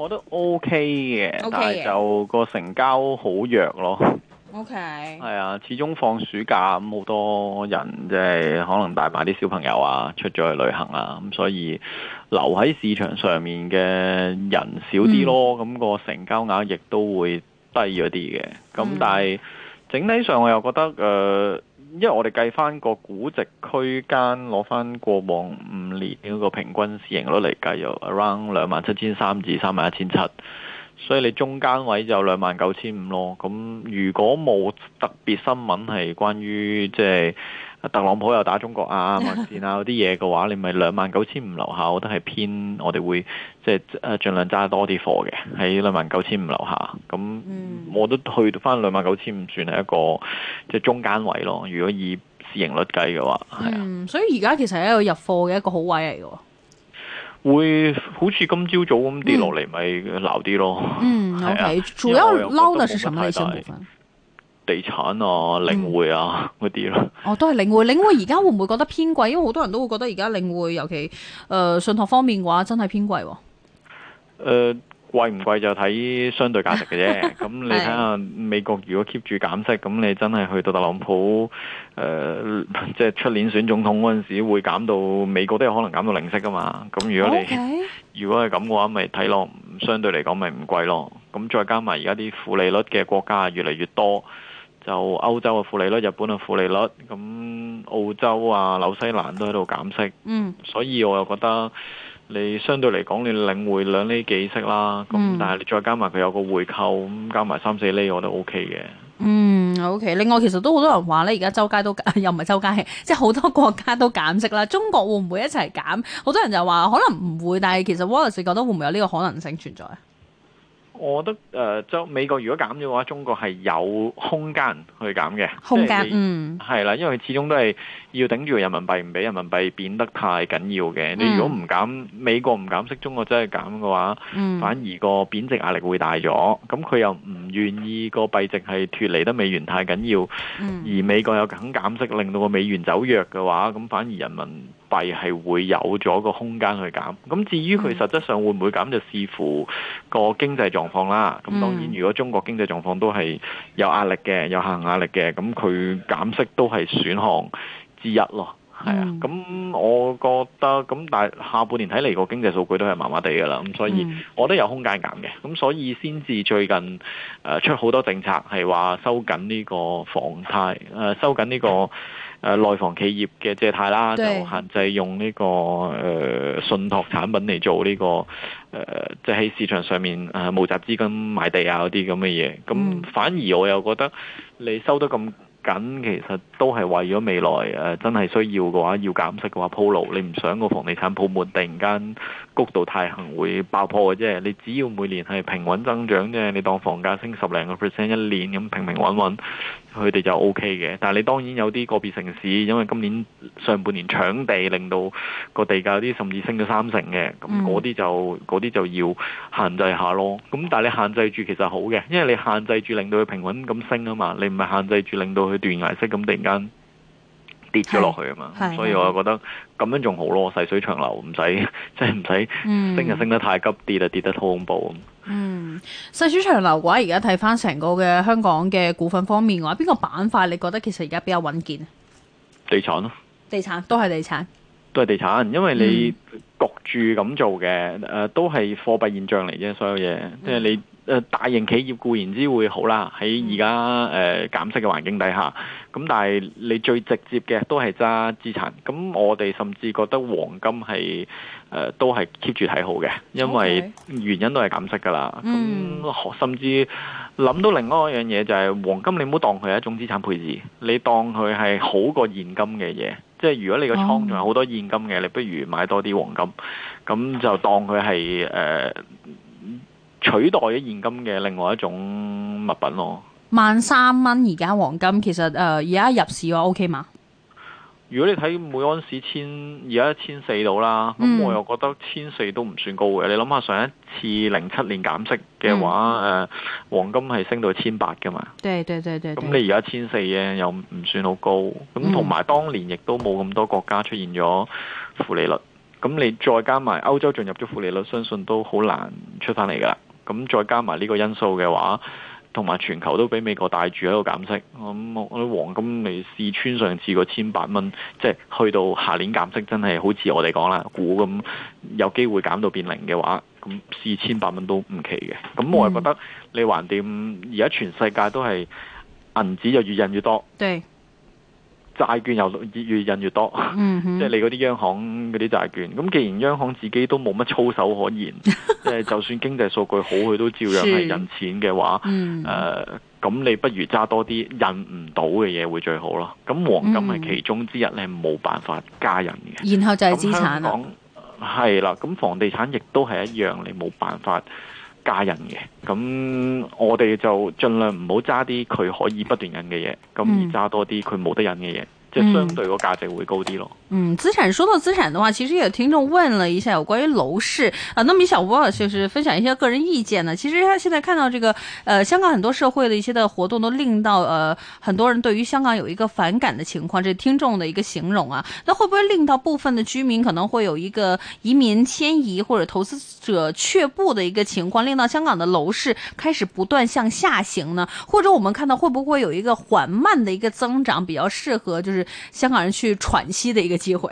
我覺得 OK 嘅，但係就個成交好弱咯。OK。係啊，始終放暑假咁，好多人即係可能帶埋啲小朋友啊，出咗去旅行啊，咁所以留喺市場上面嘅人少啲咯，咁、嗯、個成交額亦都會低咗啲嘅。咁但係整體上我又覺得誒。呃因為我哋計翻個估值區間，攞翻過往五年嗰個平均市盈率嚟計，又 around 兩萬七千三至三萬一千七，所以你中間位就兩萬九千五咯。咁如果冇特別新聞係關於即係，特朗普又打中國啊，文線啊嗰啲嘢嘅話，你咪兩萬九千五留下，我覺得係偏我哋會即係、就是、盡量揸多啲貨嘅，喺兩萬九千五留下。咁、嗯、我都去到翻兩萬九千五，算係一個即係、就是、中間位咯。如果以市盈率計嘅話，係啊、嗯，所以而家其實係一個入貨嘅一個好位嚟嘅喎。會好似今朝早咁跌落嚟、嗯，咪鬧啲咯。嗯，OK。主要撈嘅係什麼類？地產啊、領匯啊嗰啲咯，嗯啊、哦，都係領匯。領匯而家會唔會覺得偏貴？因為好多人都會覺得而家領匯，尤其誒、呃、信託方面嘅話，真係偏貴、啊。誒、呃，貴唔貴就睇相對價值嘅啫。咁 你睇下美國，如果 keep 住減息，咁你真係去到特朗普誒、呃，即係出年選總統嗰陣時會減，會減到美國都有可能減到零息噶嘛？咁如果你 Okay? 如果係咁嘅話，咪睇落相對嚟講咪唔貴咯。咁再加埋而家啲負利率嘅國家越嚟越多。就歐洲嘅負利率，日本嘅負利率，咁澳洲啊、紐西蘭都喺度減息。嗯，所以我又覺得你相對嚟講，你領匯兩厘幾息啦。咁、嗯、但係你再加埋佢有個回購，咁加埋三四厘，我都 O K 嘅。嗯，O K。另外，其實都好多人話咧，而家周街都又唔係周街，即係好多國家都減息啦。中國會唔會一齊減？好多人就話可能唔會，但係其實 Wallace 覺得會唔會有呢個可能性存在？我覺得誒、呃，美國如果減嘅話，中國係有空間去減嘅，空間，嗯，係啦，因為始終都係要頂住人民幣，唔俾人民幣變得太緊要嘅。你如果唔減，嗯、美國唔減息，中國真係減嘅話，嗯、反而個貶值壓力會大咗。咁佢又唔願意個幣值係脫離得美元太緊要，嗯、而美國又肯減息，令到個美元走弱嘅話，咁反而人民幣係會有咗個空間去減，咁至於佢實質上會唔會減，就視乎個經濟狀況啦。咁當然，如果中國經濟狀況都係有壓力嘅、有下行壓力嘅，咁佢減息都係選項之一咯。係啊，咁我覺得咁，但下半年睇嚟個經濟數據都係麻麻地㗎啦。咁所以我都有空間減嘅，咁所以先至最近誒、呃、出好多政策係話收緊呢個房貸，呃、收緊呢個。誒、呃、內房企業嘅借貸啦，對就限制用呢、這個誒、呃、信託產品嚟做呢、這個誒，即、呃、係市場上面誒募集資金買地啊嗰啲咁嘅嘢。咁、嗯、反而我又覺得你收得咁緊，其實都係為咗未來誒、呃、真係需要嘅話，要減息嘅話鋪路。鋪路，你唔想個房地產泡沫突然間。幅度太行會爆破嘅啫，你只要每年係平穩增長啫，你當房價升十零個 percent 一年咁平平穩穩，佢哋就 OK 嘅。但係你當然有啲個別城市，因為今年上半年搶地令到個地價有啲甚至升咗三成嘅，咁嗰啲就嗰啲就要限制下咯。咁但係你限制住其實好嘅，因為你限制住令到佢平穩咁升啊嘛，你唔係限制住令到佢斷崖式咁突然間跌咗落去啊嘛，所以我就覺得咁樣仲好咯，細水長流，唔使即係唔使升就升得太急，跌就跌得好恐怖。嗯，細水長流嘅話，而家睇翻成個嘅香港嘅股份方面嘅話，邊個板塊你覺得其實而家比較穩健？地產咯、啊，地產都係地產，都係地，地產，因為你焗住咁做嘅，誒、嗯呃，都係貨幣現象嚟啫。所有嘢即係你誒、呃，大型企業固然之會好啦。喺而家誒減息嘅環境底下。咁但係你最直接嘅都係揸資產，咁我哋甚至覺得黃金係、呃、都係 keep 住睇好嘅，因為原因都係減息噶啦。咁 Okay. 甚至諗到另外一樣嘢就係黃金，你唔好當佢係一種資產配置，你當佢係好過現金嘅嘢。即係如果你個倉仲有好多現金嘅，Oh. 你不如買多啲黃金，咁就當佢係誒取代咗現金嘅另外一種物品咯。萬三蚊而家黃金，其實誒，而、呃、家入市嘅 OK 嘛？如果你睇每安士千，而家一千四到啦，咁我又覺得千四都唔算高嘅。嗯、你諗下上一次零七年減息嘅話，誒、嗯呃，黃金係升到千八㗎嘛？對對對。咁你而家千四嘅又唔算好高，咁同埋當年亦都冇咁多國家出現咗負利率，咁你再加埋歐洲進入咗負利率，相信都好難出翻嚟噶啦。咁再加埋呢個因素嘅話。同埋全球都俾美國帶住喺度減息，咁我啲黃金你試穿上次個千八蚊，即係去到下年減息，真係好似我哋講啦，股咁有機會減到變零嘅話，咁四千八蚊都唔奇嘅。咁我係覺得你還掂，而家全世界都係銀紙就越印越多。嗯、對。債券又越印越多，嗯、哼即係你嗰啲央行嗰啲債券。咁既然央行自己都冇乜操守可言，即係 就算經濟數據好，佢都照樣係印錢嘅話，誒、嗯，咁、呃、你不如揸多啲印唔到嘅嘢會最好咯。咁黃金係其中之一，嗯、你係冇辦法加印嘅。然後就係資產啊。係啦，咁房地產亦都係一樣，你冇辦法。家人嘅，咁我哋就盡量唔好揸啲佢可以不斷印嘅嘢，咁而揸多啲佢冇得印嘅嘢。嗯即相對個價值會高啲咯。嗯，資產說到資產的話，其實也有聽眾問了一下有關於樓市啊、呃。那麼李小波就是分享一些個人意見呢。其實他現在看到這個，呃，香港很多社會的一些的活動都令到，呃，很多人對於香港有一個反感的情況，這聽眾的一個形容啊。那會不會令到部分的居民可能會有一個移民遷移或者投資者卻步的一個情況，令到香港的樓市開始不斷向下行呢？或者我們看到會不會有一個緩慢的一個增長，比較適合就是？香港人去喘息的一個機會。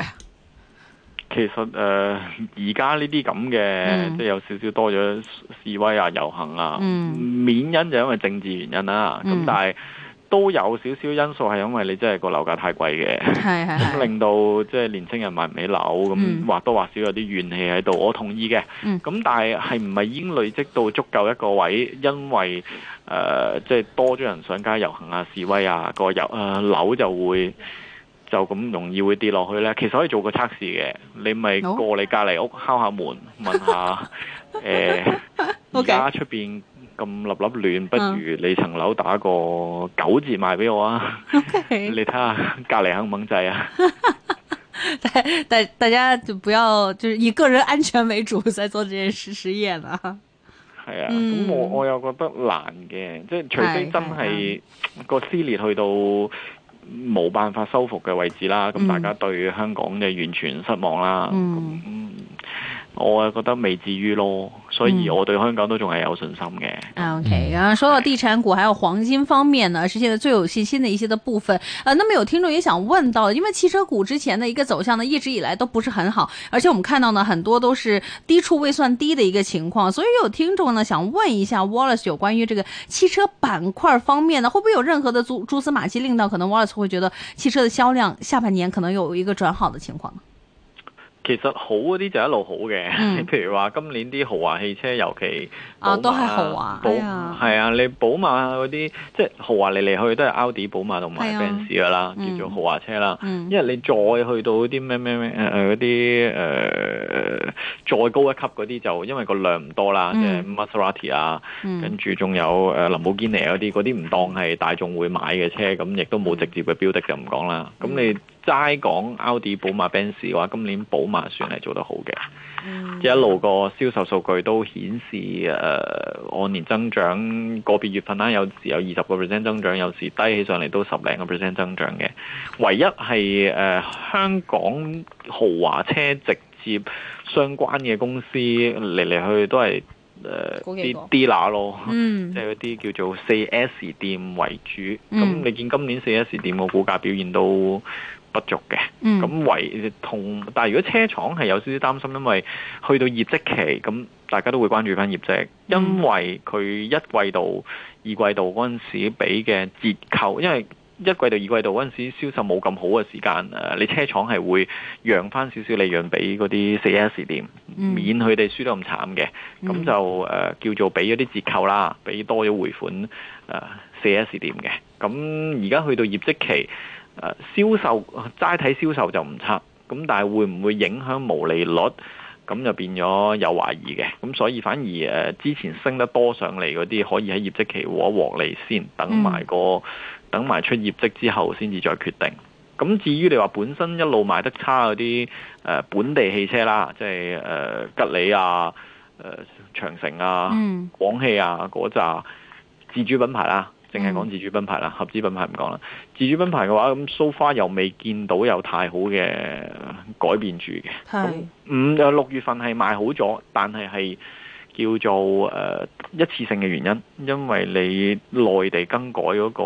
其實誒，而家呢啲咁嘅，這這嗯、即係有少少多咗示威啊、遊行啊，嗯，免因就因為政治原因啦、啊。咁、嗯、但係。都有少少因素係因為你真係個樓價太貴嘅，咁是令到即係年青人買唔起樓，咁或多或少有啲怨氣喺度。我同意嘅，咁、嗯、但係係唔係已經累積到足夠一個位？因為誒，即、呃、係、就是、多咗人上街遊行啊、示威啊，個游誒樓就會就咁容易會跌落去咧。其實可以做個測試嘅，你咪過你隔離屋敲一下門問一下誒，而家出邊。Okay. 咁立立亂，不如你層樓打個九折賣俾我啊！Okay. 你睇下隔籬肯唔肯制啊？大大 大家就不要，就是以個人安全為主，再做這件事實驗啊。係啊，咁我我又覺得難嘅，嗯、即係除非真係個撕裂去到冇辦法修復嘅位置啦，咁、嗯、大家對香港就完全失望啦。嗯。我係覺得未至於咯，所以我對香港都仲係有信心嘅。OK，咁啊，講到地產股，還有黃金方面呢，是現在最有信心的一些的部分。呃，那麼有聽眾也想問到，因為汽車股之前的一個走向呢，一直以來都不是很好，而且我們看到呢，很多都是低處未算低的一個情況。所以有聽眾呢，想問一下 Wallace，有關於這個汽車板塊方面呢，會不會有任何的蛛蛛絲馬跡令到可能 Wallace 會覺得汽車的銷量下半年可能有一個轉好的情況呢？其實好嗰啲就一路好嘅，嗯、譬如話今年啲豪華汽車，尤其是啊都係豪華，係寶啊，啊，你寶馬嗰啲即係豪華嚟嚟去都係 Audi、寶馬同埋 Benz 噶啦，啊、叫做豪華車啦。嗯、因為你再去到啲咩咩咩誒誒嗰啲誒再高一級嗰啲，就因為個量唔多啦，嗯、即係 Maserati 啊，嗯、跟住仲有誒林寶堅尼嗰啲，嗰啲唔當係大眾會買嘅車，咁亦都冇直接嘅標的就唔講啦。咁、嗯、你。齋講奧迪、i，寶馬、Benz 嘅話，今年寶馬算係做得好嘅，嗯、一路個銷售數據都顯示誒、呃、按年增長，個別月份啦有時有二十個 percent 增長，有時低起上嚟都十零個 percent 增長嘅。唯一係誒、呃、香港豪華車直接相關嘅公司嚟嚟去去都係誒啲啲拿咯，嗯、即係一啲叫做四 S 店為主。咁、嗯、你見今年四 S 店個股價表現都～不足嘅，咁唯同，但係如果車廠係有少少擔心，因為去到業績期，咁大家都會關注翻業績，因為佢一季度、二季度嗰陣時俾嘅折扣，因為一季度、二季度嗰陣時銷售冇咁好嘅時間，誒，你車廠係會讓翻少少利潤俾嗰啲四 S 店，免佢哋輸得咁慘嘅，咁就誒、呃、叫做俾咗啲折扣啦，俾多咗回款誒四 S 店嘅，咁而家去到業績期。誒銷售齋睇銷售就唔差，咁但係會唔會影響毛利率？咁就變咗有懷疑嘅，咁所以反而誒之前升得多上嚟嗰啲，可以喺業績期和獲，獲利先，等埋個等埋出業績之後先至再決定。咁至於你話本身一路賣得差嗰啲誒本地汽車啦，即係吉利啊、誒長城啊、廣汽啊嗰紮自主品牌啦。淨係講自主品牌啦，合資品牌唔講啦。自主品牌嘅話，咁 so far 又未見到有太好嘅改變住嘅。係。五六月份係賣好咗，但係係。叫做、呃、一次性嘅原因，因為你內地更改嗰個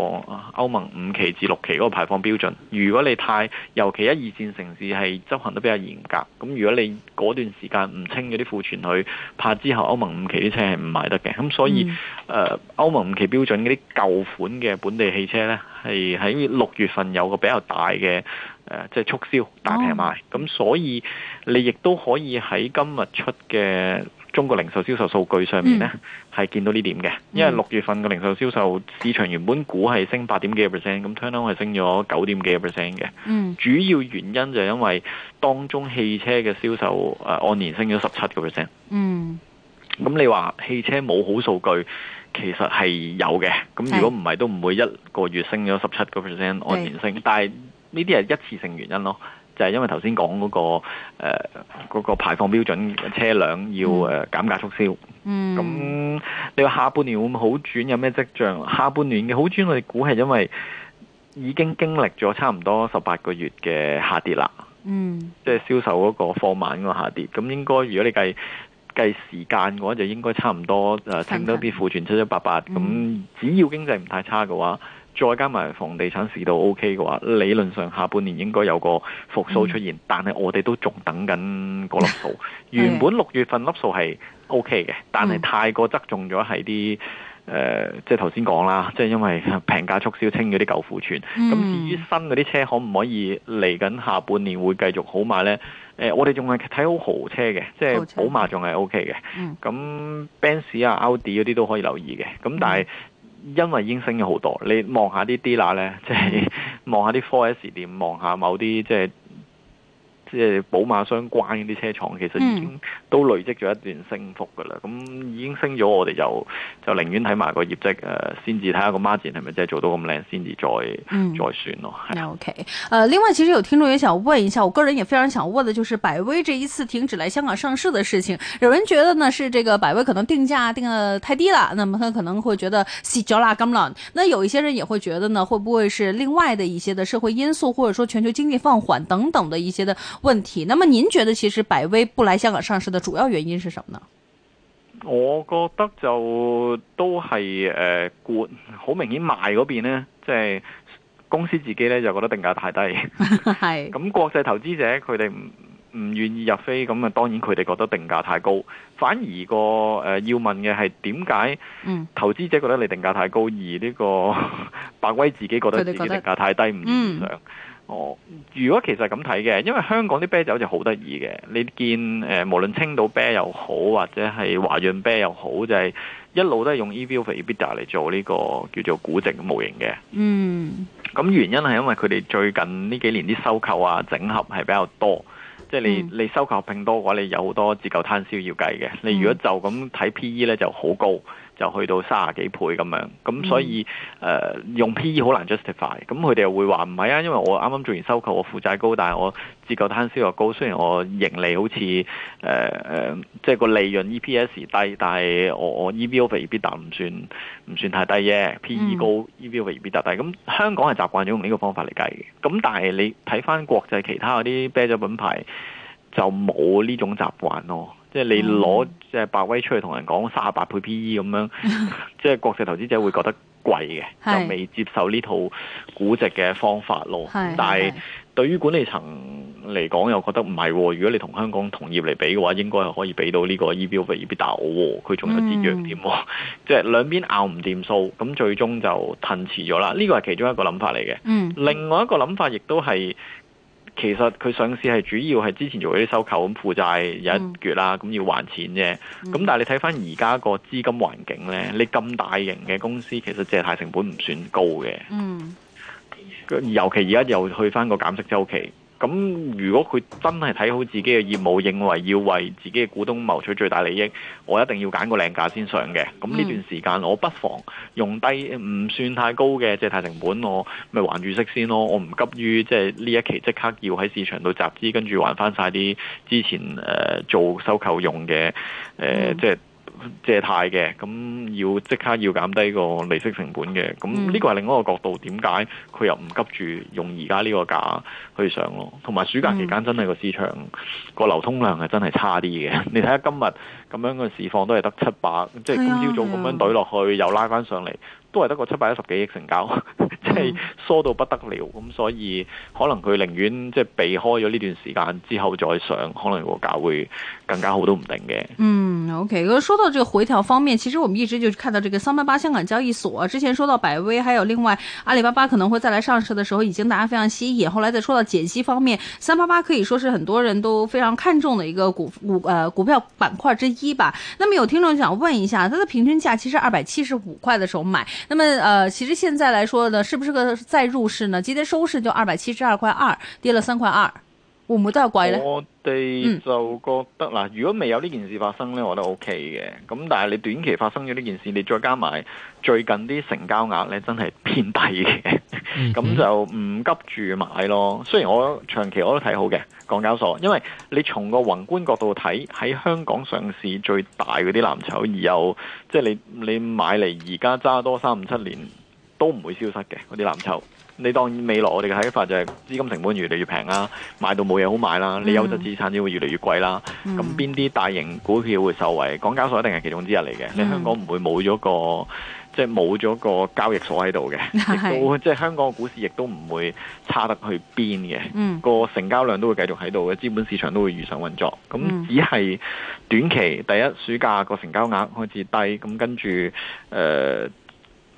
歐盟五期至六期嗰個排放標準，如果你太尤其一二線城市係執行得比較嚴格，咁如果你嗰段時間唔清嗰啲庫存去，去怕之後歐盟五期啲車係唔賣得嘅。咁所以誒歐、嗯呃、盟五期標準嗰啲舊款嘅本地汽車咧，係喺六月份有一個比較大嘅即係促銷大平賣，咁、哦、所以你亦都可以喺今日出嘅。中國零售銷售數據上面呢，係、嗯、見到呢點嘅，因為六月份嘅零售銷售市場原本估係升八點幾個 percent，咁 turnaround 係升咗九點幾個 percent 嘅。嗯、主要原因就係因為當中汽車嘅銷售、呃、按年升咗十七個 percent。咁、嗯、你話汽車冇好數據，其實係有嘅。咁如果唔係，都唔會一個月升咗十七個 percent 按年升。是的但係呢啲係一次性原因咯。就係因為頭先講嗰個誒、呃那個、排放標準，車輛要誒、嗯、減價促銷。嗯，咁你話下半年會唔會好轉？有咩跡象？下半年嘅好轉，我哋估係因為已經經歷咗差唔多十八個月嘅下跌啦。嗯，即係銷售嗰個放慢個下跌。咁應該如果你計計時間嘅話，就應該差唔多誒，剩多啲庫存七七八八,八。咁、嗯、只要經濟唔太差嘅話。再加埋房地產市道 O K 嘅話，理論上下半年應該有個復甦出現，嗯、但係我哋都仲等緊個粒數。 原本六月份粒數係 O K 嘅，的但係太過側重咗係啲誒，即係頭先講啦，即係因為平價促銷清咗啲舊庫存。咁至、嗯、於新嗰啲車可唔可以嚟緊下，下半年會繼續好賣呢？呃、我哋仲係睇好豪車嘅，即係寶馬仲係 O K 嘅。咁、嗯、Benz 啊、Audi 嗰啲都可以留意嘅。咁但係因為已經升咗好多，你望下啲 DNA 咧，即係望下啲 Four S 店，望下某啲，即係。即係寶馬相關啲車廠，其實已經都累積咗一段升幅㗎啦，嗯。咁，嗯、已經升咗，我哋就就寧願睇埋個業績誒，先至睇下個 margin 係咪真係做到咁靚，先至再，嗯、再算咯。OK，誒、呃，另外其實有聽眾也想問一下，我個人也非常想問嘅，就是百威這一次停止嚟香港上市嘅事情，有人覺得呢是這個百威可能定價定得太低啦，那麼他可能會覺得死咗啦、咁啦。那有一些人也會覺得呢，會不會是另外的一些的社會因素，或者說全球經濟放緩等等的一些的。問題，那麼您覺得其實百威不來香港上市的主要原因是什麼呢？我覺得就都係誒、呃，好明顯，賣嗰邊呢，即、就、係、是、公司自己呢，就覺得定價太低，係咁國際投資者佢哋唔唔願意入飛，咁啊當然佢哋覺得定價太高，反而個誒要問嘅係點解？投資者覺得你定價太高，而呢個百威自己覺得自己定價太低唔理想。哦、如果其實咁睇嘅，因為香港啲啤酒就好得意嘅，你見誒、呃、無論青島啤又好，或者係華潤啤又好，就係、是、一路都係用 EV over EBITDA 嚟做呢個叫做估值模型嘅。嗯，咁原因係因為佢哋最近呢幾年啲收購啊整合係比較多，嗯、即係你你收購拼多嘅話，你有好多折舊攤銷要計嘅。你如果就咁睇 PE 呢，就好高。就去到三十幾倍咁樣，咁所以誒、嗯呃、用 P/E 好難 justify。咁佢哋又會話唔係啊，因為我啱啱做完收購，我負債高，但係我折舊攤銷又高。雖然我盈利好似誒誒，即、呃、係、呃就是、個利潤 EPS 低，但係我我 EV/EBITDA 唔算唔算太低嘅、嗯、P/E 高 EV/EBITDA 低。咁香港係習慣咗用呢個方法嚟計嘅。咁但係你睇翻國際其他嗰啲啤酒品牌，就冇呢種習慣咯。即係你攞即係百威出去同人講卅啊八倍 P/E 咁樣， 即係國際投資者會覺得貴嘅，又 未接受呢套估值嘅方法咯。 但係對於管理層嚟講又覺得唔係，如果你同香港同業嚟比嘅話，應該係可以俾到呢個 EBITDA，佢仲有啲弱點， 即係兩邊拗唔掂數，咁最終就褪遲咗啦。呢個係其中一個諗法嚟嘅。 另外一個諗法亦都係。其實佢上市係主要係之前做啲收購，咁負債有一月啦，咁、嗯、要還錢啫。咁、嗯、但係你睇翻而家個資金環境呢，嗯、你咁大型嘅公司其實借貸成本唔算高嘅。嗯，尤其而家又去翻個減息周期。咁如果佢真係睇好自己嘅業務，認為要為自己嘅股東謀取最大利益，我一定要揀個靚價先上嘅。咁呢段時間我不妨用低唔算太高嘅借貸成本，我咪還住息先咯。我唔急於即係呢一期即刻要喺市場度集資，跟住還翻晒啲之前誒、呃、做收購用嘅誒即係。呃嗯借貸嘅，咁要即刻要減低個利息成本嘅，咁呢個係另一個角度。點解佢又唔急住用而家呢個價去上咯？同埋暑假期間真係個市場個 流通量係真係差啲嘅。你睇下今日咁樣嘅市況都係得七百，即係今朝早咁樣懟落去又拉翻上嚟。都係得個七百一十幾億成交，即係縮到不得了咁，嗯、所以可能佢寧願即係、就是、避開咗呢段時間之後再上，可能個價會更加好都唔定嘅。嗯，OK，咁説到這個回調方面，其實我們一直就看到這個三八八香港交易所、啊，之前説到百威，還有另外阿里巴巴可能會再來上市的時候，已經大家非常吸引。後來再説到解析方面，三八八可以説是很多人都非常看重的一個股股誒、呃、股票板塊之一吧。那麼有聽眾想問一下，它的平均價其實二百七十五塊的時候買。那麼，呃，其實現在來說呢，是不是個再入市呢？今天收市就二百七十二塊二，跌了三塊二。會唔會都有貴呢？我哋就覺得嗱，嗯、如果未有呢件事發生呢，我覺得 O K 嘅。咁但係你短期發生咗呢件事，你再加埋最近啲成交額呢真係偏低嘅。咁、嗯嗯、 就唔急住買咯。雖然我長期我都睇好嘅港交所，因為你從個宏觀角度睇，喺香港上市最大嗰啲藍籌，而又即係你你買嚟而家揸多三五七年，都唔會消失嘅嗰啲藍籌。你當未來我哋嘅睇法就係資金成本越嚟越平啦，買到冇嘢好買啦，你優質資產亦會越嚟越貴啦。咁邊啲大型股票會受惠？港交所一定係其中之一嚟嘅。嗯、你香港唔會冇咗個，即係冇咗個交易所喺度嘅，是亦都即係、就是、香港嘅股市亦都唔會差得去邊嘅。個、嗯、成交量都會繼續喺度嘅，資本市場都會如常運作。咁只係短期第一暑假個成交額開始低，咁跟住誒。呃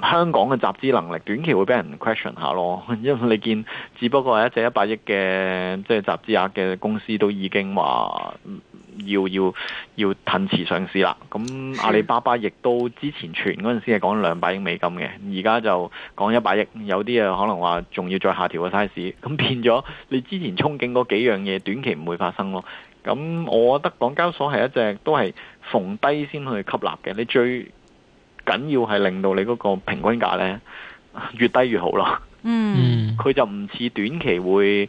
香港嘅集資能力短期會俾人 question 下咯，因為你見，只不過係一隻一百億嘅即係集資額嘅公司都已經話要要要騰遲上市啦。咁阿里巴巴亦都之前傳嗰陣時係講兩百億美金嘅，而家就講一百億，有啲啊可能話仲要再下調個 size。咁變咗你之前憧憬嗰幾樣嘢短期唔會發生咯。咁我覺得港交所係一隻都係逢低先去吸納嘅，你最緊要係令到你嗰個平均價呢，越低越好咯。嗯，佢就唔似短期會，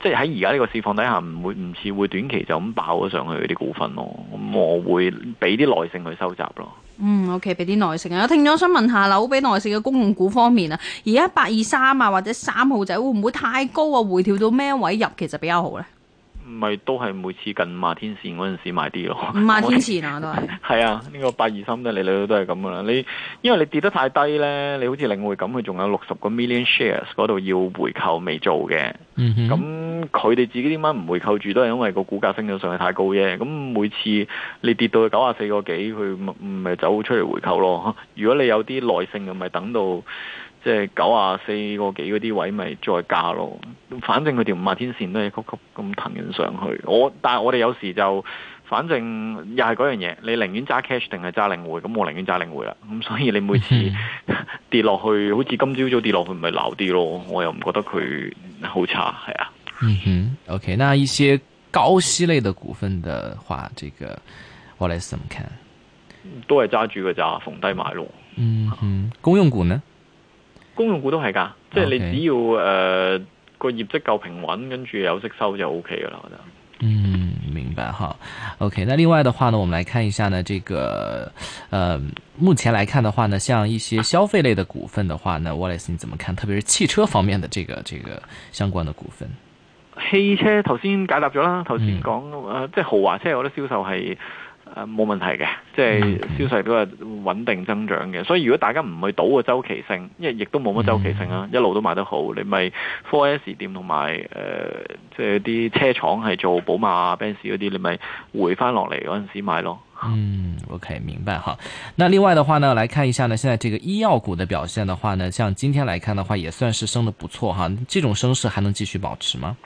即係喺而家呢個市況底下唔會，唔似會短期就咁爆咗上去啲股份咯。咁我會俾啲耐性去收集咯。嗯，OK，俾啲耐性啊。我聽咗想問下，樓俾耐性嘅公用股方面啊，而家八二三啊或者三號仔會唔會太高啊？回調到咩位入其實比較好呢？唔係都係每次近五十天線嗰陣時買啲咯，五十天線啊都係。係啊，呢、 啊這個八二三都你女都係咁噶啦。你因為你跌得太低呢，你好似領匯咁，佢仲有六十個 million shares 嗰度要回購未做嘅。咁佢哋自己點解唔回購住，都係因為個股價升到上去太高啫。咁每次你跌到九啊四個幾，佢咪走出嚟回購咯。如果你有啲耐性嘅，咪等到。即係九啊四個幾嗰啲位，咪再加咯。反正佢條五啊天線都係曲曲咁騰緊上去我。但我但係我哋有時就，反正又係嗰樣嘢，你寧願揸 cash 定係揸領匯，咁我寧願揸領匯啦。咁所以你每次 跌落去，好似今朝早跌落去，咪留啲咯。我又唔覺得佢好差，係啊。嗯哼 ，OK，那一些高息類嘅股份的話，這個我嚟怎麼看？都係揸住嘅咋，逢低買咯。嗯 哼，公用股呢？公用股都係噶，即係你只要誒個 Okay.、呃、業績夠平穩，跟住有息收就 O K 嘅啦，我覺得，嗯，明白哈，OK。那另外嘅話呢，我們來看一下呢，這個，呃，目前嚟看嘅話呢，像一些消費類嘅股份的話呢，呢、啊、Wallace，你怎麼看？特別是汽車方面的這個這個相關嘅股份。汽車頭先解答咗啦，頭先講誒，即係豪華車我覺得銷售係。冇問題嘅，即係銷售都係穩定增長嘅。嗯、所以如果大家唔去賭個周期性，因為亦都冇乜周期性啊，嗯、一路都賣得好。你咪 4S 店同埋誒，即係啲車廠係做寶馬、Benz 嗰啲，你咪回翻落嚟嗰陣時買咯。嗯，OK，明白哈。那另外嘅話呢，來看一下呢，現在這個醫藥股嘅表現的話呢，像今天來看的話，也算是升得不錯哈。這種升勢還能繼續保持嗎？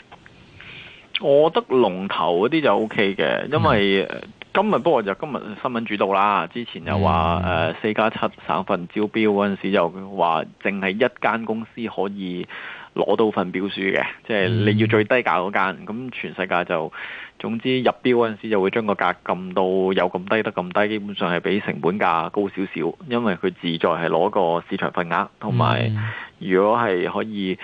我覺得龍頭嗰啲就 OK 嘅，因為。嗯今日不過就今日新聞主導啦，之前又話誒四加七省份招標嗰陣時就話淨係一間公司可以攞到份標書嘅，即係你要最低價嗰間，咁全世界就總之入標嗰陣時就會將個價撳到有咁低得咁低，基本上係比成本價高少少，因為佢自在係攞個市場份額，同埋如果係可以。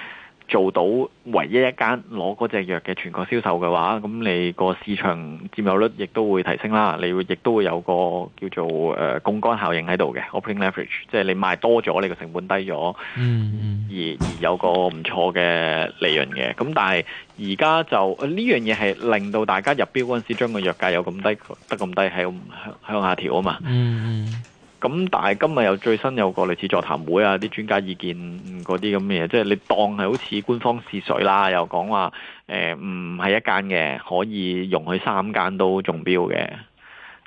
做到唯一一間攞嗰隻藥嘅全國銷售嘅話，咁你個市場佔有率亦都會提升啦。你會亦都會有個叫做誒槓桿、呃、效應喺度嘅 operating leverage，即係你賣多咗，你個成本低咗，嗯、mm，hmm. 而而有個唔錯嘅利潤嘅。咁但係而家就呢、呃、樣嘢係令到大家入標嗰陣時，將個藥價有咁低，得咁低，係向向下調啊嘛。嗯、mm。Hmm. 咁但係今日又最新有個類似座談會啊，啲專家意見嗰啲咁嘅嘢，即係你當係好似官方試水啦，又講話誒唔係一間嘅，可以容許三間都中標嘅，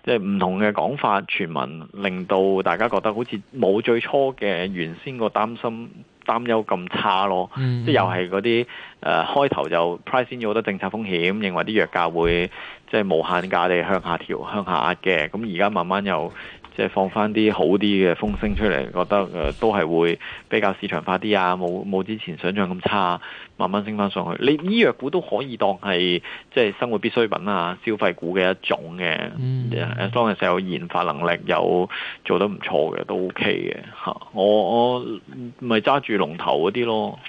即係唔同嘅講法傳聞，令到大家覺得好似冇最初嘅原先個擔心擔憂咁差咯。Mm hmm. 即係又係嗰啲誒開頭就 price in 咗好多政策風險，認為啲藥價會即係無限價地向下調、向下壓嘅。咁而家慢慢又。即係放翻啲好啲嘅風聲出嚟，覺得、呃、都係會比較市場化啲啊，冇冇之前想象咁差，慢慢升翻上去。你醫藥股都可以當係即係生活必需品啊，消費股嘅一種嘅。嗯，當然有研發能力，有做得唔錯嘅，都 OK 嘅嚇。我我咪揸住龍頭嗰啲咯。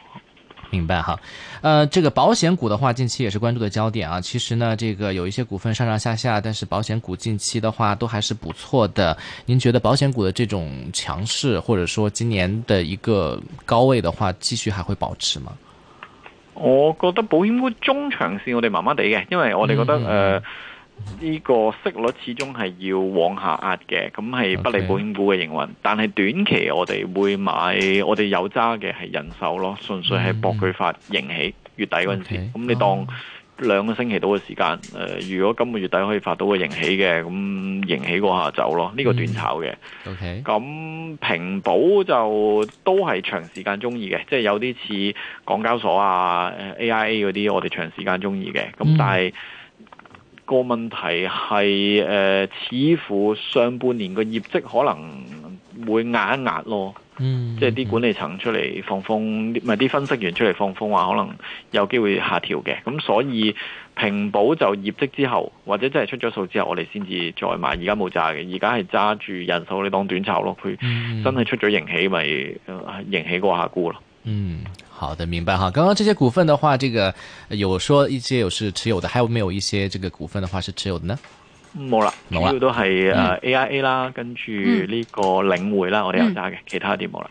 明白哈，呃，這個保險股的話，近期也是關注的焦點啊。其實呢，這個有一些股份上上下下，但是保險股近期的話都還是不錯的。您覺得保險股的這種強勢，或者說今年的一個高位的話，繼續還會保持嗎？我覺得保險股中長線我哋麻麻地嘅，因為我哋覺得、嗯、呃。呢個息率始終係要往下壓嘅，咁係不利保險股嘅營運。Okay. 但係短期我哋會買，我哋有揸嘅係人壽咯，純粹係博佢發盈起。Mm. 月底嗰陣時候，咁 Okay. 你當兩個星期到嘅時間。誒、呃，如果今個月底可以發到個盈起嘅，咁盈起過下走咯，呢、這個短炒嘅。咁、mm. Okay. 平保就都係長時間中意嘅，即係有啲似港交所啊、AIA 嗰啲，我哋長時間中意嘅。咁、mm. 但係。個問題係誒、呃，似乎上半年個業績可能會壓一壓咯，嗯，即係啲管理層出嚟放風，唔係啲分析員出嚟放風話可能有機會下調嘅，咁所以平保就業績之後，或者真係出咗數之後，我哋先至再買，而家冇揸嘅，而家係揸住人手嚟當短炒咯，佢真係出咗盈喜咪、呃、盈喜過下沽咯。嗯，好的，明白哈。剛剛這些股份的話，這個有說一些有是持有的，還有沒有一些這個股份的話是持有的呢？冇啦了，了主要都係誒 AIA 啦，跟住呢個領匯啦，我哋有揸嘅，嗯、其他啲冇啦。